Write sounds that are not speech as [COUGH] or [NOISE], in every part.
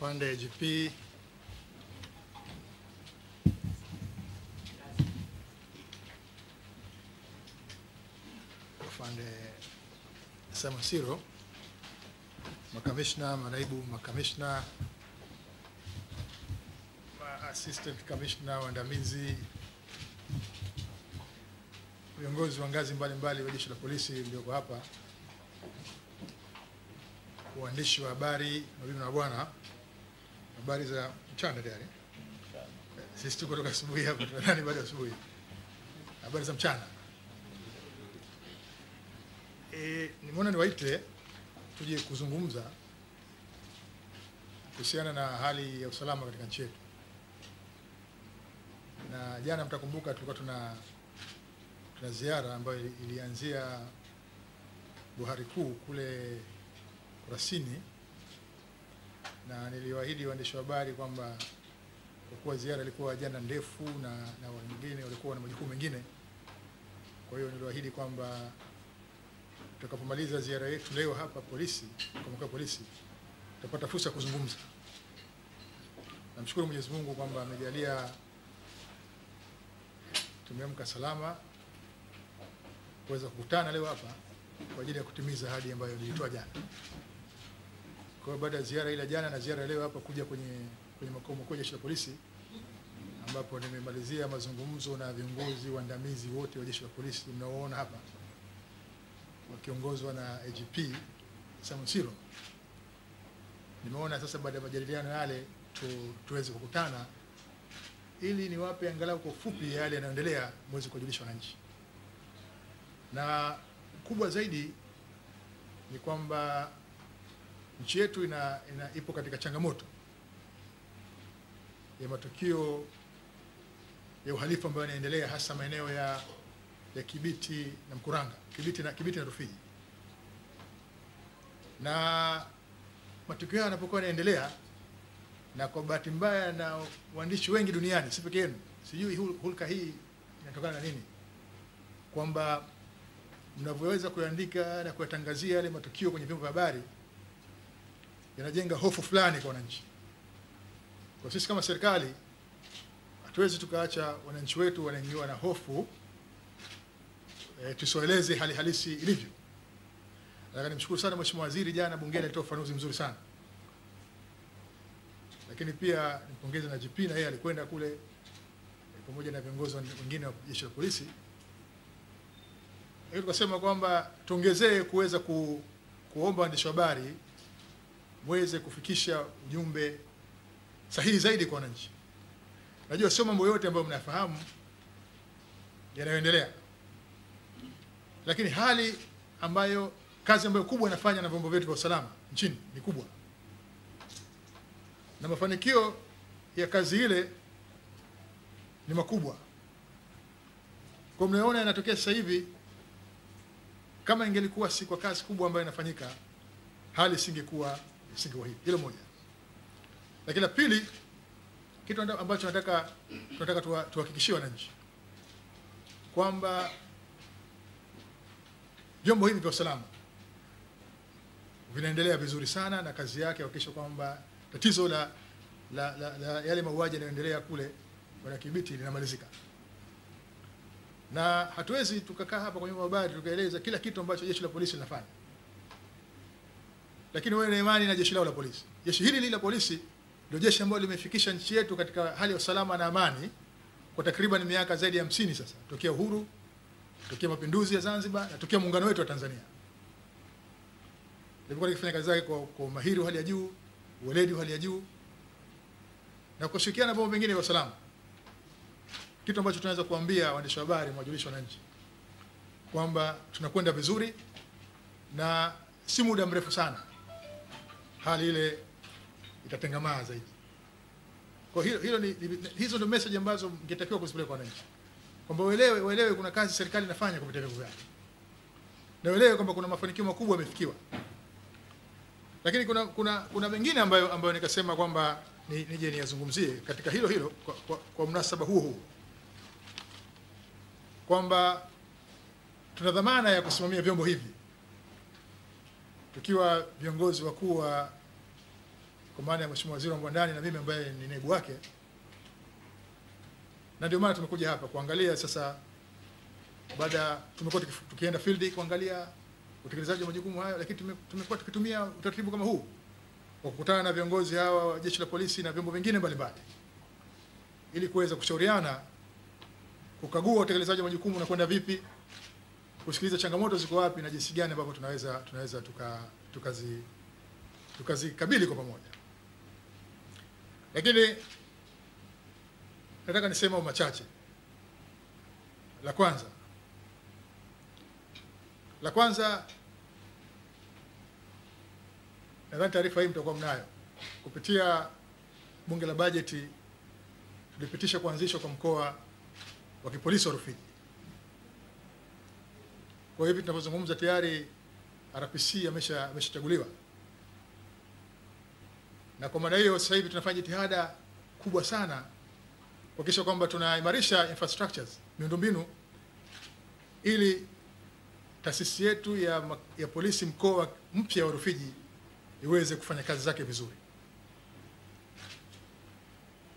pande GP afande Samasiro, makamishna, manaibu makamishna, ma assistant Commissioner Wandamizi. viongozi wa ngazi mbalimbali wa jeshi la polisi mlioko hapa, waandishi wa habari, mabibi na bwana habari za mchana tayari. Sisi tuko toka asubuhi hapa, [LAUGHS] tunadhani bado asubuhi. Habari za mchana. E, nimeona niwaite tuje kuzungumza kuhusiana na hali ya usalama katika nchi yetu, na jana mtakumbuka tulikuwa tuna tuna ziara ambayo ilianzia Buhari Kuu kule Kurasini na niliwaahidi waandishi wa habari kwamba kwa kuwa ziara ilikuwa ajenda ndefu na, na wengine walikuwa na majukumu mengine, kwa hiyo niliwaahidi kwamba tutakapomaliza ziara yetu leo hapa polisi, kwa mkoa polisi, tutapata fursa ya kuzungumza. Namshukuru Mwenyezi Mungu kwamba amejalia tumeamka salama kuweza kukutana leo hapa kwa ajili ya kutimiza ahadi ambayo nilitoa jana. Kwa hiyo baada ya ziara ile jana na ziara leo hapa kuja kwenye, kwenye makao makuu ya jeshi la polisi ambapo nimemalizia mazungumzo na viongozi waandamizi wote wa jeshi la polisi mnaoona hapa wakiongozwa na AGP Simon Nimeona sasa baada ya majadiliano yale tu, tuweze kukutana ili niwape angalau kwa ufupi yale yanayoendelea mwezi kuwajulisha wananchi, na kubwa zaidi ni kwamba nchi yetu ina, ina ipo katika changamoto ya matukio ya uhalifu ambayo yanaendelea hasa maeneo ya, ya Kibiti na Mkuranga, Kibiti na, Kibiti na Rufiji. Na matukio yanapokuwa yanaendelea, na kwa bahati mbaya na waandishi wengi duniani, si peke yenu, sijui hulka hii inatokana na nini, kwamba mnavyoweza kuyaandika na kuyatangazia yale matukio kwenye vyombo vya habari yanajenga hofu fulani kwa wananchi. Kwa sisi kama serikali hatuwezi tukaacha wananchi wetu wanaingiwa na hofu e, tusiwaeleze hali halisi ilivyo. Nataka nimshukuru sana Mheshimiwa Waziri, jana bungeni alitoa ufafanuzi mzuri sana, lakini pia nimpongeze na GP, na yeye alikwenda kule e, pamoja na viongozi wengine wa jeshi la polisi, lakini tukasema kwamba tuongezee kuweza ku, kuomba waandishi habari muweze kufikisha ujumbe sahihi zaidi kwa wananchi. Najua sio mambo yote ambayo mnafahamu yanayoendelea, lakini hali ambayo kazi ambayo kubwa inafanya na vyombo vyetu vya usalama nchini ni kubwa, na mafanikio ya kazi ile ni makubwa. Kwa mnayoona inatokea sasa hivi, kama ingelikuwa si kwa kazi kubwa ambayo inafanyika, hali isingekuwa wa hili hilo moja lakini la pili kitu ambacho nataka tunataka tuhakikishie wananchi kwamba vyombo hivi vya usalama vinaendelea vizuri sana na kazi yake kuhakikisha kwamba tatizo la, la, la, la yale mauaji yanayoendelea kule Kibiti linamalizika na hatuwezi tukakaa hapa kwenye habari tukaeleza kila kitu ambacho jeshi la polisi linafanya lakini wewe na imani na jeshi lao la polisi. Jeshi hili lile la polisi ndio jeshi ambalo limefikisha nchi yetu katika hali ya usalama na amani kwa takriban miaka zaidi ya hamsini sasa, tokea uhuru, tokea mapinduzi ya Zanzibar na tokea muungano wetu wa Tanzania. Limekuwa likifanya kazi zake kwa, kwa umahiri wa hali ya juu, uweledi wa hali ya juu na kushirikiana na vyombo vingine vya usalama, kitu ambacho tunaweza kuambia waandishi wa habari, majulishi wananchi kwamba tunakwenda vizuri na si muda mrefu sana hali ile itatengamaa zaidi. Kwa hilo, hilo ni, ni, hizo ndio message ambazo mngetakiwa kuzipeleka wananchi kwamba uelewe, uelewe kuna kazi serikali inafanya kupitia vyombo vyake na uelewe kwamba kuna mafanikio makubwa yamefikiwa, lakini kuna kuna kuna mengine ambayo ambayo nikasema kwamba ni, nije niyazungumzie katika hilo hilo kwa, kwa, kwa mnasaba huo huo kwamba tuna dhamana ya kusimamia vyombo hivi tukiwa viongozi wakuu wa kwa maana ya Mheshimiwa Waziri wa Mambo ya Ndani na mimi ambaye ni naibu wake, na ndio maana tumekuja hapa kuangalia sasa. Baada tumekuwa tukienda field kuangalia utekelezaji wa majukumu hayo, lakini tumekuwa tukitumia utaratibu kama huu wa kukutana na viongozi hawa wa jeshi la polisi na vyombo vingine mbalimbali ili kuweza kushauriana, kukagua utekelezaji wa majukumu unakwenda vipi, kusikiliza changamoto ziko wapi na jinsi gani ambavyo tunaweza tunaweza tukazikabili tuka tuka kwa pamoja. Lakini nataka niseme machache. La kwanza, la kwanza nadhani taarifa hii mtakuwa mnayo kupitia Bunge la Bajeti tulipitisha kuanzishwa kwa mkoa wa kipolisi wa Rufiji. Kwa hivi tunavyozungumza tayari RPC ameshachaguliwa amesha na kwa maana hiyo sasa hivi tunafanya jitihada kubwa sana kuhakikisha kwamba tunaimarisha infrastructures, miundombinu ili taasisi yetu ya, ya polisi mkoa mpya wa Rufiji iweze kufanya kazi zake vizuri,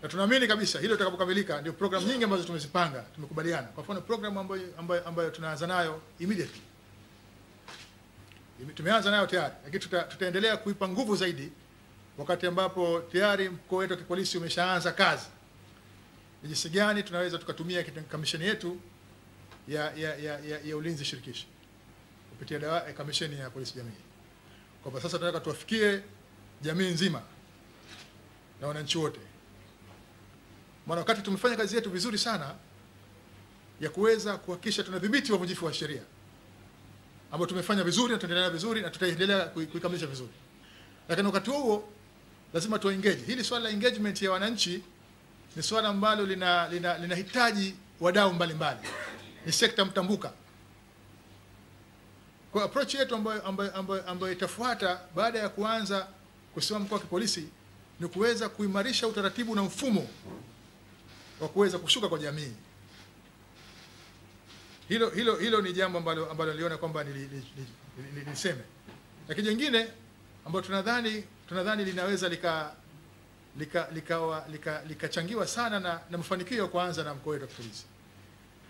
na tunaamini kabisa hilo litakapokamilika, ndio programu nyingi ambazo tumezipanga tumekubaliana. Kwa mfano programu ambayo, ambayo, ambayo tunaanza nayo immediately tumeanza nayo tayari, lakini tuta, tutaendelea kuipa nguvu zaidi wakati ambapo tayari mkoa wetu wa kipolisi umeshaanza kazi, ni jinsi gani tunaweza tukatumia kamisheni yetu ya, ya, ya, ya, ya ulinzi shirikishi kupitia dawa, ya eh, kamisheni ya polisi jamii, kwamba sasa tunataka tuwafikie jamii nzima na wananchi wote, maana wakati tumefanya kazi yetu vizuri sana ya kuweza kuhakikisha tunadhibiti wavunjifu wa sheria ambao tumefanya vizuri na tunaendelea vizuri na tutaendelea kuikamilisha vizuri, lakini wakati huo lazima tu engage. Hili swala la engagement ya wananchi ni swala ambalo linahitaji lina, wadau mbalimbali, ni sekta mtambuka. Kwa approach yetu ambayo, ambayo, ambayo, amba itafuata baada ya kuanza kusimama mkoa wa kipolisi ni kuweza kuimarisha utaratibu na mfumo wa kuweza kushuka kwa jamii. Hilo, hilo, hilo ni jambo ambalo, ambalo niliona kwamba niliseme, lakini jingine ambayo tunadhani tunadhani linaweza lika likachangiwa lika, lika, lika sana na, na mafanikio ya kuanza na mkoa wetu wa Kitulizi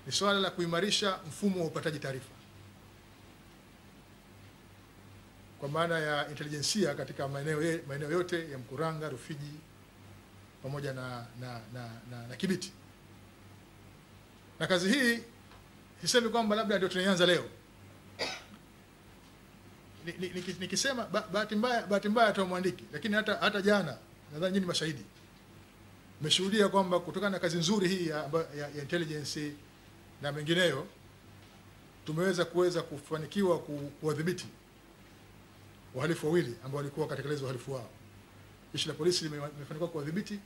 ni suala la kuimarisha mfumo wa upataji taarifa kwa maana ya intelijensia katika maeneo maeneo yote ya Mkuranga, Rufiji pamoja na, na, na, na, na Kibiti. Na kazi hii sisemi kwamba labda ndio tunaianza leo nikisema bahati mbaya, bahati mbaya hata mwandiki, lakini hata hata jana nadhani nyinyi mashahidi mmeshuhudia kwamba kutokana na kazi nzuri hii ya, ya, ya intelligence na mengineyo tumeweza kuweza kufanikiwa kuwadhibiti wahalifu wawili ambao walikuwa wakatekeleza uhalifu wao. Jeshi la polisi limefanikiwa kuwadhibiti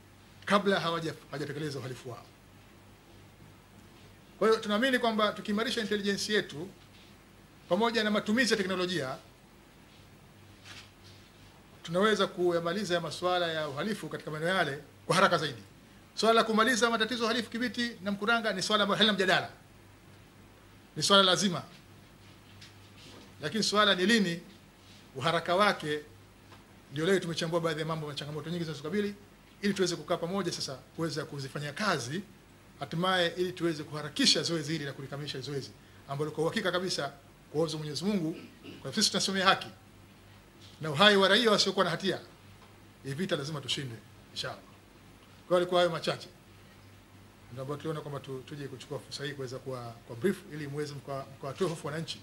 kabla hawajatekeleza uhalifu wao. Kwa hiyo tunaamini kwamba tukiimarisha intelligence yetu pamoja na matumizi ya teknolojia tunaweza kuyamaliza ya masuala ya uhalifu katika maeneo yale kwa haraka zaidi. Swala la kumaliza matatizo ya uhalifu Kibiti na Mkuranga ni swala ambalo halina mjadala, ni swala lazima, lakini swala ni lini, uharaka wake ndio leo tumechambua baadhi ya mambo na changamoto nyingi zinazokabili, ili tuweze kukaa pamoja sasa kuweza kuzifanyia kazi hatimaye, ili tuweze kuharakisha zoezi hili la kulikamilisha zoezi ambalo kwa uhakika kabisa kwa uwezo wa Mwenyezi Mungu, kwa sisi tunasimamia haki na uhai wa raia wasiokuwa na hatia. Hii vita lazima tushinde inshallah. Kwa hiyo alikuwa hayo machache ndio ambayo tuliona kwamba tuje kuchukua fursa hii kuweza kuwa kwa brief, ili muweze mkawatoe hofu wananchi,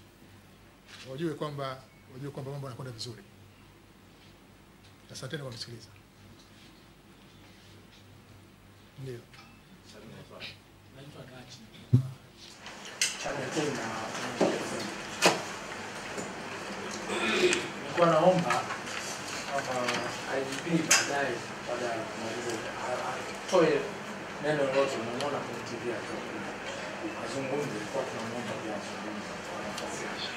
wajue kwamba wajue kwamba mambo yanakwenda vizuri. Asanteni kwa kusikiliza. Ndio. Naitwa Gachi. Chama nilikuwa naomba kwamba IGP baadaye baada ya kumaliza atoe neno lote, umeona kwenye TV atoe azungumze, ilikuwa tunamwomba pia azungumze kwa nafasi yake,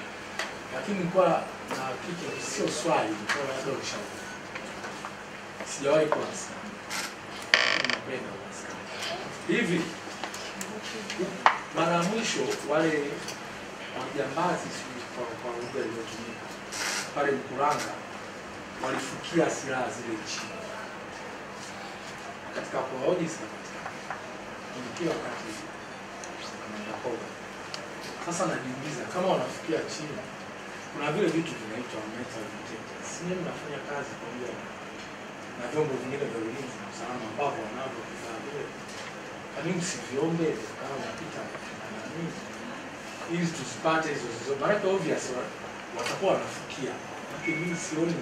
lakini kwa na kitu sio swali, kwa labda ushauri. Sijawahi kuwa askari, napenda askari hivi mara mwisho wale majambazi, sijui kwa lugha iliyotumika pale Mkuranga walifukia silaha zile chini katika kuwahoji zinapatikana wakati Yakoba. Sasa najiuliza kama wanafukia chini, kuna vile vitu vinaitwa mental intelligence. Nyinyi mnafanya kazi pamoja na vyombo vingine vya ulinzi na usalama ambavyo wanavyo vifaa vile, kwa nini msiviombe kama mnapita na nini, ili tusipate hizo hizo, maanake obvious watakuwa wanafikia, lakini mimi sioni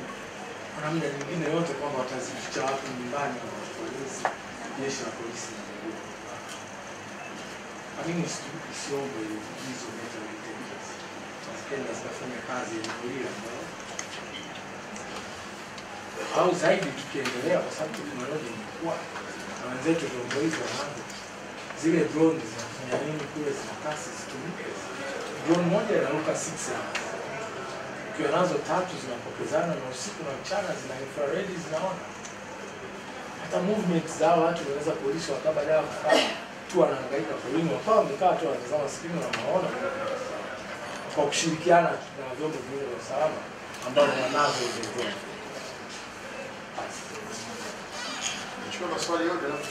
kuna nyingine yote kwamba watazificha watu nyumbani na wafanyizi jeshi la polisi na hizo meta kazi au zaidi tukiendelea, kwa sababu teknolojia imekuwa na wenzetu vyombo zile drone zinafanya nini kule, zina zitumike. Drone moja inaruka 6 hours ukiwa nazo tatu zinapokezana na usiku na mchana zina infrared zinaona. Hata movement za watu wanaweza kuulisha wakaba dawa kaka tu wanahangaika porini wakawa wamekaa tu wanatazama skrini na maona kwa kushirikiana na vyombo vingine vya usalama ambao wanazo hizo vyombo. Chukua maswali yote alafu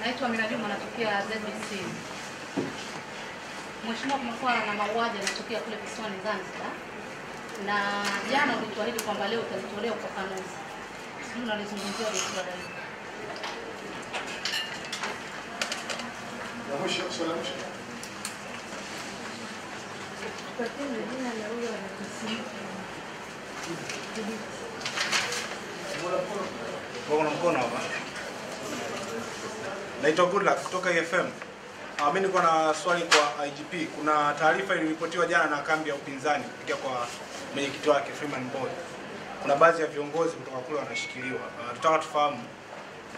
Naitwa Miradi Mwanatokea ZBC. Mheshimiwa, kumekuwa na mauaji yanatokea kule visiwani Zanzibar, na jana ulituahidi kwamba leo utalitolea ufafanuzi, sijui unalizungumzia suala hili. Mkono hapa. Naitwa Goodluck kutoka FM. Ah, mimi niko na swali kwa IGP. Kuna taarifa iliripotiwa jana na kambi ya upinzani kupitia kwa mwenyekiti wake Freeman Mbowe. Kuna baadhi ya viongozi kutoka kule wanashikiliwa. Uh, ah, tutaka tufahamu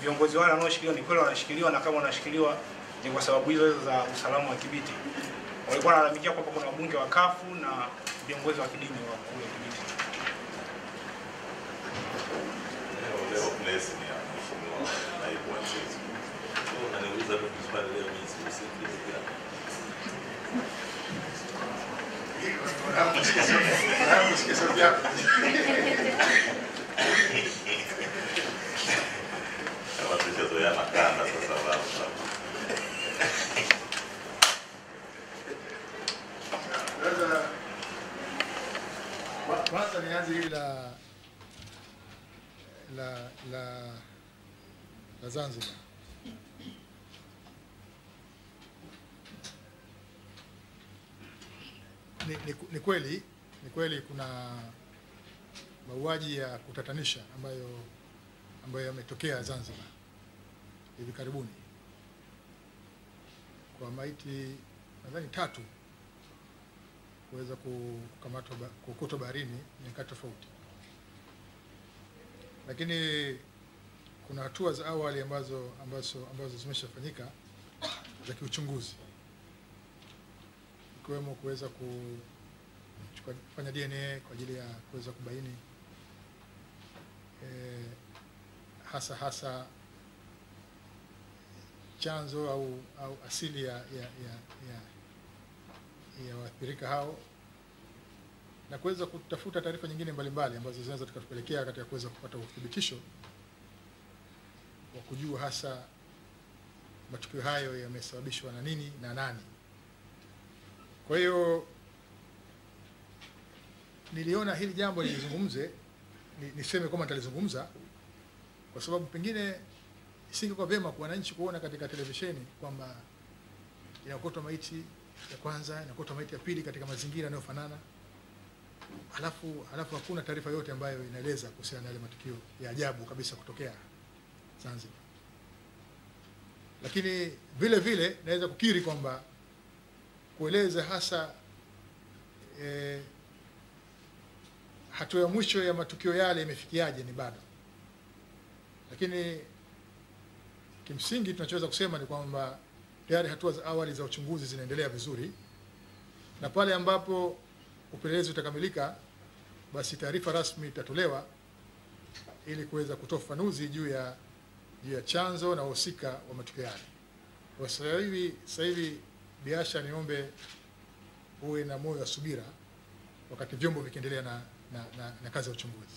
viongozi wale wanaoshikiliwa ni kweli wanashikiliwa, na kama wanashikiliwa ni kwa sababu hizo hizo za usalama wa Kibiti. Walikuwa wanalalamikia kwamba kuna wabunge wa kafu na viongozi wa kidini wa kule Kibiti. Ramos que sappiamo. Ramos che sappiamo. Ma la ci troviamo a casa, sta salvando. ha di la, la, la, la Zanzibar. ni, ni, ni kweli ni kweli kuna mauaji ya kutatanisha ambayo ambayo yametokea Zanzibar hivi karibuni kwa maiti nadhani tatu kuweza kukamatwa kukutwa baharini nyakati tofauti, lakini kuna hatua za awali ambazo ambazo ambazo zimeshafanyika za kiuchunguzi ikiwemo kuweza kufanya DNA kwa ajili ya kuweza kubaini eh, hasa hasa chanzo au, au asili ya, ya, ya, ya, ya waathirika hao na kuweza kutafuta taarifa nyingine mbalimbali ambazo zinaweza tukatupelekea katika kuweza kupata uthibitisho wa kujua hasa matukio hayo yamesababishwa na nini na nani. Kwa hiyo niliona hili jambo nilizungumze, niseme kwamba nitalizungumza kwa sababu pengine isingekuwa vyema kwa wananchi kuona katika televisheni kwamba inakotwa maiti ya kwanza, inakotwa maiti ya pili katika mazingira yanayofanana, halafu halafu hakuna taarifa yote ambayo inaeleza kuhusiana na yale matukio ya ajabu kabisa kutokea Zanzibar. Lakini vile vile naweza kukiri kwamba kueleza hasa e, hatua ya mwisho ya matukio yale imefikiaje ni bado, lakini kimsingi tunachoweza kusema ni kwamba tayari hatua za awali za uchunguzi zinaendelea vizuri, na pale ambapo upelelezi utakamilika, basi taarifa rasmi itatolewa ili kuweza kutoa ufafanuzi juu ya juu ya chanzo na wahusika wa matukio yale. Kwa sasa hivi sasa hivi Biasha, niombe uwe na moyo wa subira wakati vyombo vikiendelea na, na, na, na kazi ya uchunguzi.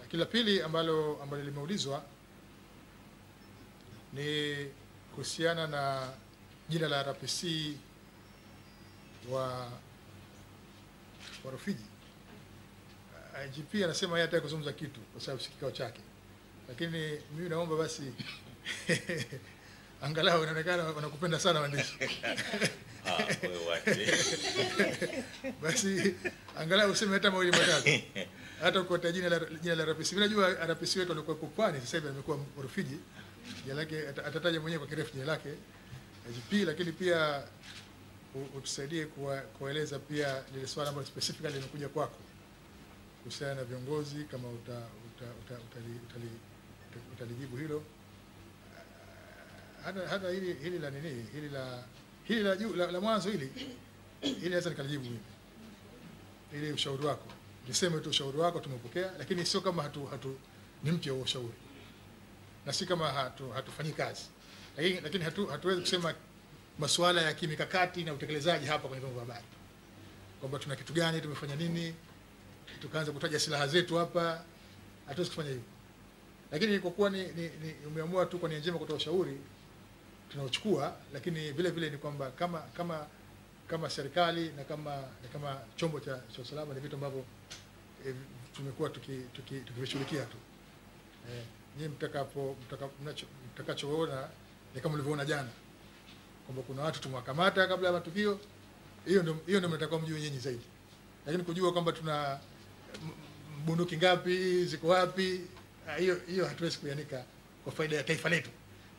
Lakini la pili ambalo, ambalo limeulizwa ni kuhusiana na jina la RPC wa, wa Rufiji. IGP anasema yeye hataki kuzungumza kitu kwa sababu si kikao chake, lakini mimi naomba basi [LAUGHS] angalau inaonekana wanakupenda sana waandishi [LAUGHS] ah, [LAUGHS] basi angalau useme hata mawili matatu, [LAUGHS] hata ukiota jina la jina la RPC. Mimi najua RPC wetu alikuwa Pwani, sasa hivi amekuwa Rufiji. Jina lake atataja mwenyewe kwa kirefu jina lake IGP, lakini pia utusaidie kueleza pia lile swala ambalo specifically limekuja kwako kuhusiana na viongozi, kama utalijibu uta, uta, uta, uta, uta, uta, uta, uta, uta, hilo hata hata hili hili la nini hili la hili la juu la, la mwanzo hili hili naweza nikalijibu mimi ili ushauri wako niseme tu ushauri wako tumepokea, lakini sio kama hatu, hatu ni mpya wa ushauri na si kama hatu, hatufanyi kazi, lakini, lakini hatu, hatuwezi kusema masuala ya kimikakati na utekelezaji hapa kwenye vyombo vya habari kwamba tuna kitu gani, tumefanya nini, tukaanza kutaja silaha zetu hapa, hatuwezi kufanya hivyo. Lakini kwa kuwa ni, ni, ni umeamua tu kwa nia njema kutoa ushauri, tunaochukua, lakini vile vile ni kwamba kama kama kama serikali na kama na kama chombo cha, cha usalama ni vitu ambavyo e, tumekuwa tukivishughulikia tuki, tuki tu e, nyinyi mtakapo mtakachoona mtaka ni kama ulivyoona jana kwamba kuna watu tumewakamata kabla ya matukio. Hiyo ndio hiyo ndio mnatakiwa mjue nyinyi zaidi, lakini kujua kwamba tuna bunduki ngapi ziko wapi, ah, hiyo hiyo hatuwezi kuianika kwa faida ya taifa letu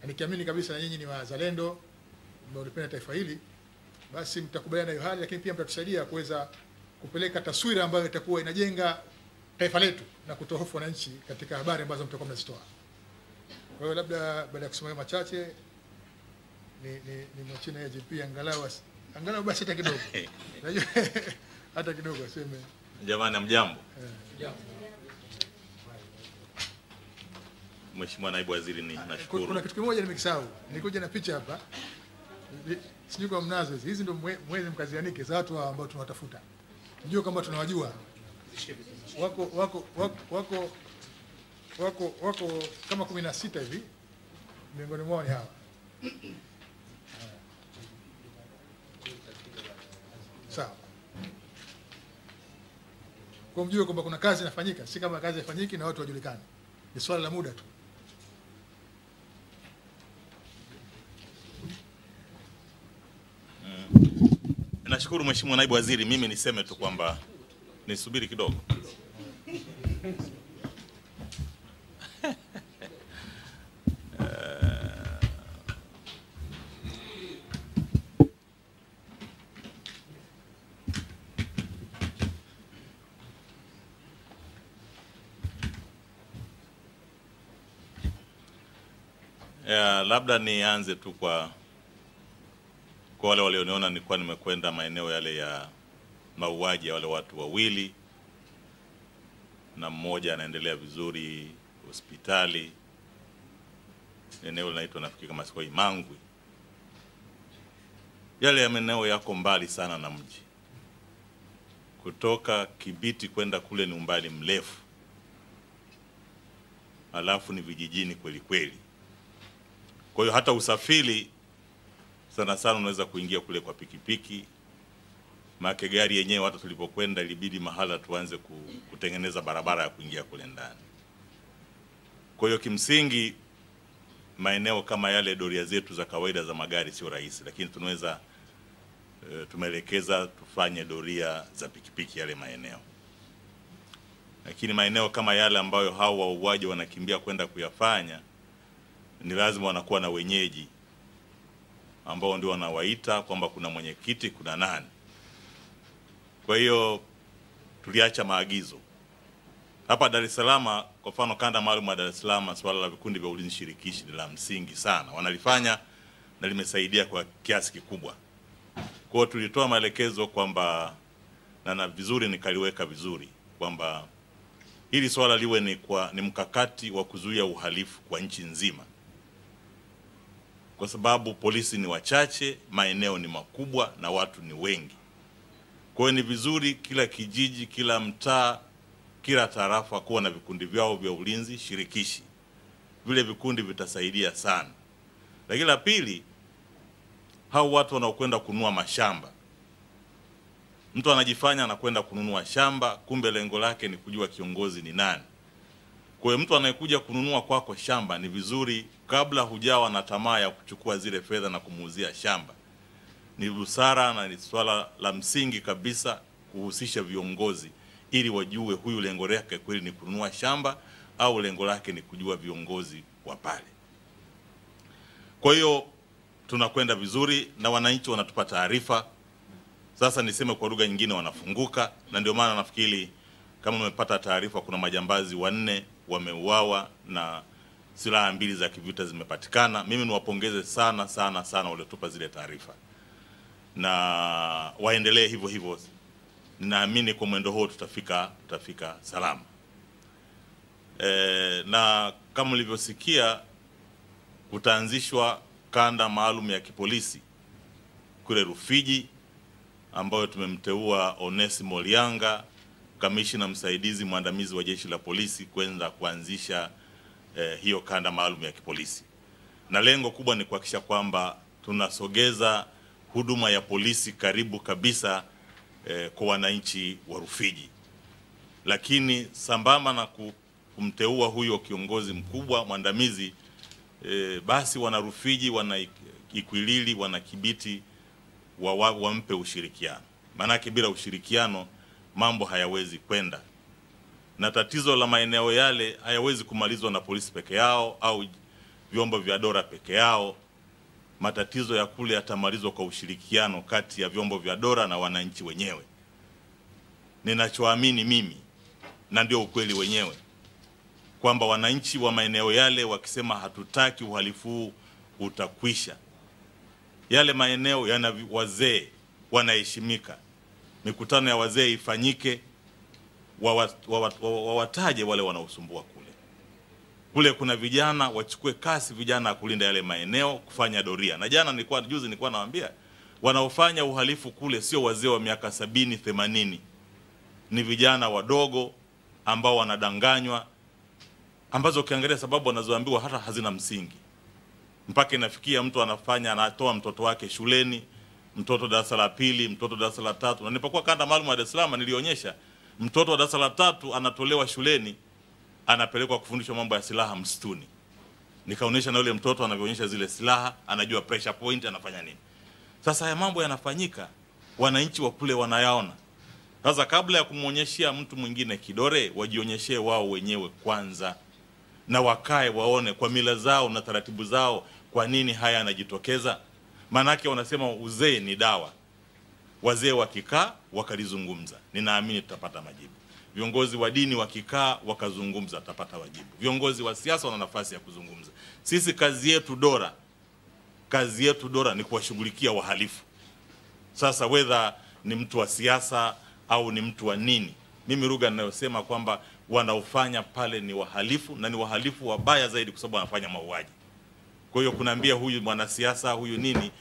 na nikiamini kabisa na nyinyi ni wazalendo mnaolipenda taifa hili, basi mtakubaliana na hiyo hali, lakini pia mtatusaidia kuweza kupeleka taswira ambayo itakuwa inajenga taifa letu na kutoa hofu wananchi katika habari ambazo mtakuwa mnazitoa. Kwa hiyo labda baada ya kusema machache ni ni, ni mwachina ya JP angalau angalau basi hata kidogo. [LAUGHS] Najua [LAUGHS] hata kidogo aseme jamani, mjambo. Yeah. Mheshimiwa Naibu Waziri, ni nashukuru. Kuna kitu kimoja nimekisahau, nikuja na picha hapa, sijui kwa mnazo hizi. Hizi ndio mwezi mkazianike za watu ambao tunawatafuta, mjue kwamba tunawajua wako wako wako wako wako, wako kama kumi na sita hivi, miongoni mwao ni hawa sawa. Kwa mjue kwamba kuna kazi inafanyika, si kama kazi haifanyiki na watu wajulikani, ni swala la muda tu. Nashukuru Mheshimiwa Naibu Waziri, mimi niseme tu kwamba nisubiri kidogo Ya, eh, labda nianze tu kwa kwa wale walioniona, nilikuwa nimekwenda maeneo yale ya mauaji ya wale watu wawili, na mmoja anaendelea vizuri hospitali, eneo linaitwa nafikiri kama siko Imangwi. Yale ya maeneo yako mbali sana na mji, kutoka Kibiti kwenda kule ni umbali mrefu, alafu ni vijijini kweli kweli. Kwa hiyo hata usafiri sana sana unaweza kuingia kule kwa pikipiki, make gari yenyewe hata tulipokwenda ilibidi mahala tuanze kutengeneza barabara ya kuingia kule ndani. Kwa hiyo kimsingi maeneo kama yale doria zetu za kawaida za magari sio rahisi, lakini tunaweza e, tumeelekeza tufanye doria za pikipiki yale maeneo. Lakini maeneo kama yale ambayo hao wauaji wanakimbia kwenda kuyafanya, ni lazima wanakuwa na wenyeji ambao ndio wanawaita kwamba kuna mwenyekiti, kuna nani. Kwa hiyo tuliacha maagizo hapa Dar es Salaam. Kwa mfano, kanda maalum ya Dar es Salaam, swala la vikundi vya ulinzi shirikishi ni la msingi sana, wanalifanya na limesaidia kwa kiasi kikubwa. Kwa hiyo tulitoa maelekezo kwamba na na vizuri nikaliweka vizuri kwamba hili swala liwe ni, kwa, ni mkakati wa kuzuia uhalifu kwa nchi nzima kwa sababu polisi ni wachache, maeneo ni makubwa na watu ni wengi. Kwa hiyo ni vizuri kila kijiji, kila mtaa, kila tarafa kuwa na vikundi vyao vya ulinzi shirikishi. Vile vikundi vitasaidia sana. Lakini la pili, hao watu wanaokwenda kununua mashamba, mtu anajifanya anakwenda kununua shamba, kumbe lengo lake ni kujua kiongozi ni nani. Kwa hiyo mtu anayekuja kununua kwako shamba ni vizuri, kabla hujawa na tamaa ya kuchukua zile fedha na kumuuzia shamba, ni busara na ni swala la msingi kabisa kuhusisha viongozi ili wajue huyu lengo lake kweli ni kununua shamba au lengo lake ni kujua viongozi wa pale. Kwa hiyo tunakwenda vizuri na wananchi wanatupa taarifa. Sasa niseme kwa lugha nyingine, wanafunguka, na ndio maana nafikiri kama umepata taarifa, kuna majambazi wanne wameuawa na silaha mbili za kivita zimepatikana. Mimi niwapongeze sana sana sana waliotupa zile taarifa na waendelee hivyo hivyo. Ninaamini kwa mwendo huo tutafika tutafika salama. E, na kama mlivyosikia kutaanzishwa kanda maalum ya kipolisi kule Rufiji ambayo tumemteua Onesimo Lianga kamishina msaidizi mwandamizi wa jeshi la polisi kwenda kuanzisha eh, hiyo kanda maalum ya kipolisi, na lengo kubwa ni kuhakikisha kwamba tunasogeza huduma ya polisi karibu kabisa eh, kwa wananchi wa Rufiji. Lakini sambamba na kumteua huyo kiongozi mkubwa mwandamizi eh, basi wanarufiji wana Ikwilili wana Kibiti wa, wa, wampe ushirikiano, maanake bila ushirikiano mambo hayawezi kwenda, na tatizo la maeneo yale hayawezi kumalizwa na polisi peke yao au vyombo vya dola peke yao. Matatizo ya kule yatamalizwa kwa ushirikiano kati ya vyombo vya dola na wananchi wenyewe. Ninachoamini mimi na ndio ukweli wenyewe kwamba wananchi wa maeneo yale wakisema hatutaki uhalifu huu utakwisha. Yale maeneo yana wazee, wanaheshimika mikutano ya wazee ifanyike, wawataje wa, wa, wa, wa wale wanaosumbua kule kule. Kuna vijana wachukue kasi, vijana ya kulinda yale maeneo, kufanya doria. Na jana nilikuwa, juzi nilikuwa nawaambia wanaofanya uhalifu kule sio wazee wa miaka sabini themanini, ni vijana wadogo ambao wanadanganywa, ambazo ukiangalia sababu wanazoambiwa hata hazina msingi, mpaka inafikia mtu anafanya anatoa mtoto wake shuleni mtoto darasa la pili, mtoto darasa la tatu. Na nilipokuwa kanda maalum ya Dar es Salaam nilionyesha mtoto wa darasa la tatu anatolewa shuleni anapelekwa kufundishwa mambo ya silaha msituni. Nikaonyesha na yule mtoto anavyoonyesha zile silaha, anajua pressure point, anafanya nini. Sasa haya mambo yanafanyika, wananchi wa kule wanayaona. Sasa kabla ya kumwonyeshea mtu mwingine kidore, wajionyeshee wao wenyewe kwanza, na wakae waone kwa mila zao na taratibu zao, kwa nini haya yanajitokeza. Maanake wanasema uzee ni dawa. Wazee wakikaa wakalizungumza, ninaamini tutapata majibu. Viongozi wa dini wakikaa wakazungumza, tutapata majibu. Viongozi wa siasa wana nafasi ya kuzungumza. Sisi kazi yetu dora, kazi yetu dora ni kuwashughulikia wahalifu. Sasa wedha ni mtu wa siasa au ni mtu wa nini, mimi lugha ninayosema kwamba wanaofanya pale ni wahalifu na ni wahalifu wabaya zaidi, kwa sababu wanafanya mauaji. Kwa hiyo kunaambia huyu mwanasiasa huyu nini,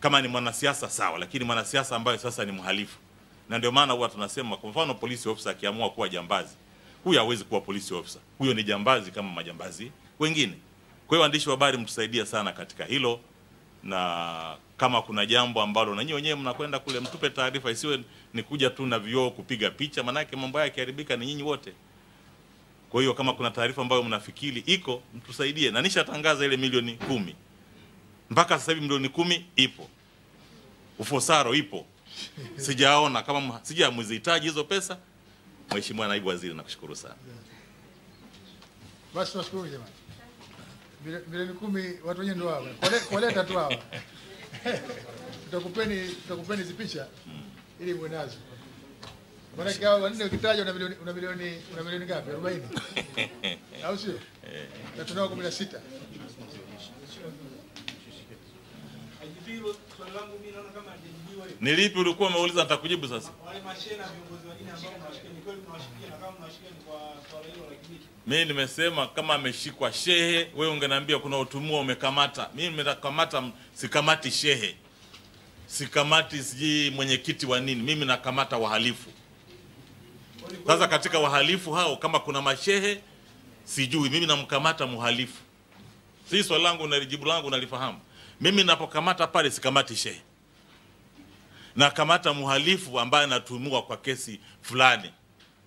kama ni mwanasiasa sawa, lakini mwanasiasa ambaye sasa ni mhalifu. Na ndio maana huwa tunasema, kwa mfano police officer akiamua kuwa jambazi, huyu hawezi kuwa police officer, huyo ni jambazi kama majambazi wengine. Kwa hiyo waandishi wa habari mtusaidia sana katika hilo, na kama kuna jambo ambalo na nyinyi wenyewe mnakwenda kule, mtupe taarifa, isiwe ni kuja tu na vioo kupiga picha, maanake mambo yake yakiharibika ni nyinyi wote. Kwa hiyo kama kuna taarifa ambayo mnafikiri iko, mtusaidie, na nishatangaza ile milioni kumi. Mpaka sasa hivi milioni kumi ipo, ufosaro ipo, sijaona kama sija mzihitaji hizo pesa. Mheshimiwa Naibu Waziri, nakushukuru sana. Basi nashukuru jamani, milioni kumi watu wenyewe ndio wao kole koleta tu hawa, [LAUGHS] tutakupeni tutakupeni hizi hmm. ili mwe nazo. Maanake hao wanne ukitaja una milioni una milioni una milioni ngapi? [LAUGHS] Au sio? Eh. Na tunao Ni lipi ulikuwa umeuliza nitakujibu sasa? Mi nimesema kama ameshikwa shehe, we ungeniambia kuna utumwa umekamata. mi nimekamata, sikamati shehe, sikamati sijui mwenyekiti wa nini, mimi nakamata wahalifu. Sasa katika wahalifu hao kama kuna mashehe sijui, mimi namkamata muhalifu si swali langu na jibu langu nalifahamu mimi. Napokamata pale sikamati shehe, nakamata muhalifu ambaye anatumiwa kwa kesi fulani.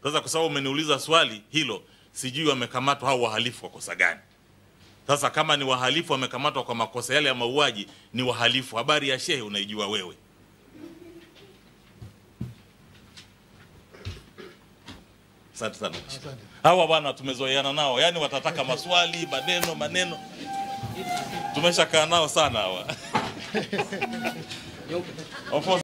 Sasa kwa sababu umeniuliza swali hilo, sijui wamekamatwa hao wahalifu kwa kosa gani. Sasa kama ni wahalifu wamekamatwa kwa makosa yale ya mauaji, ni wahalifu. Habari ya shehe unaijua wewe. Asante sana. Hawa bwana tumezoeana nao, yaani watataka maswali, maneno maneno, tumeshakaa nao sana hawa [LAUGHS]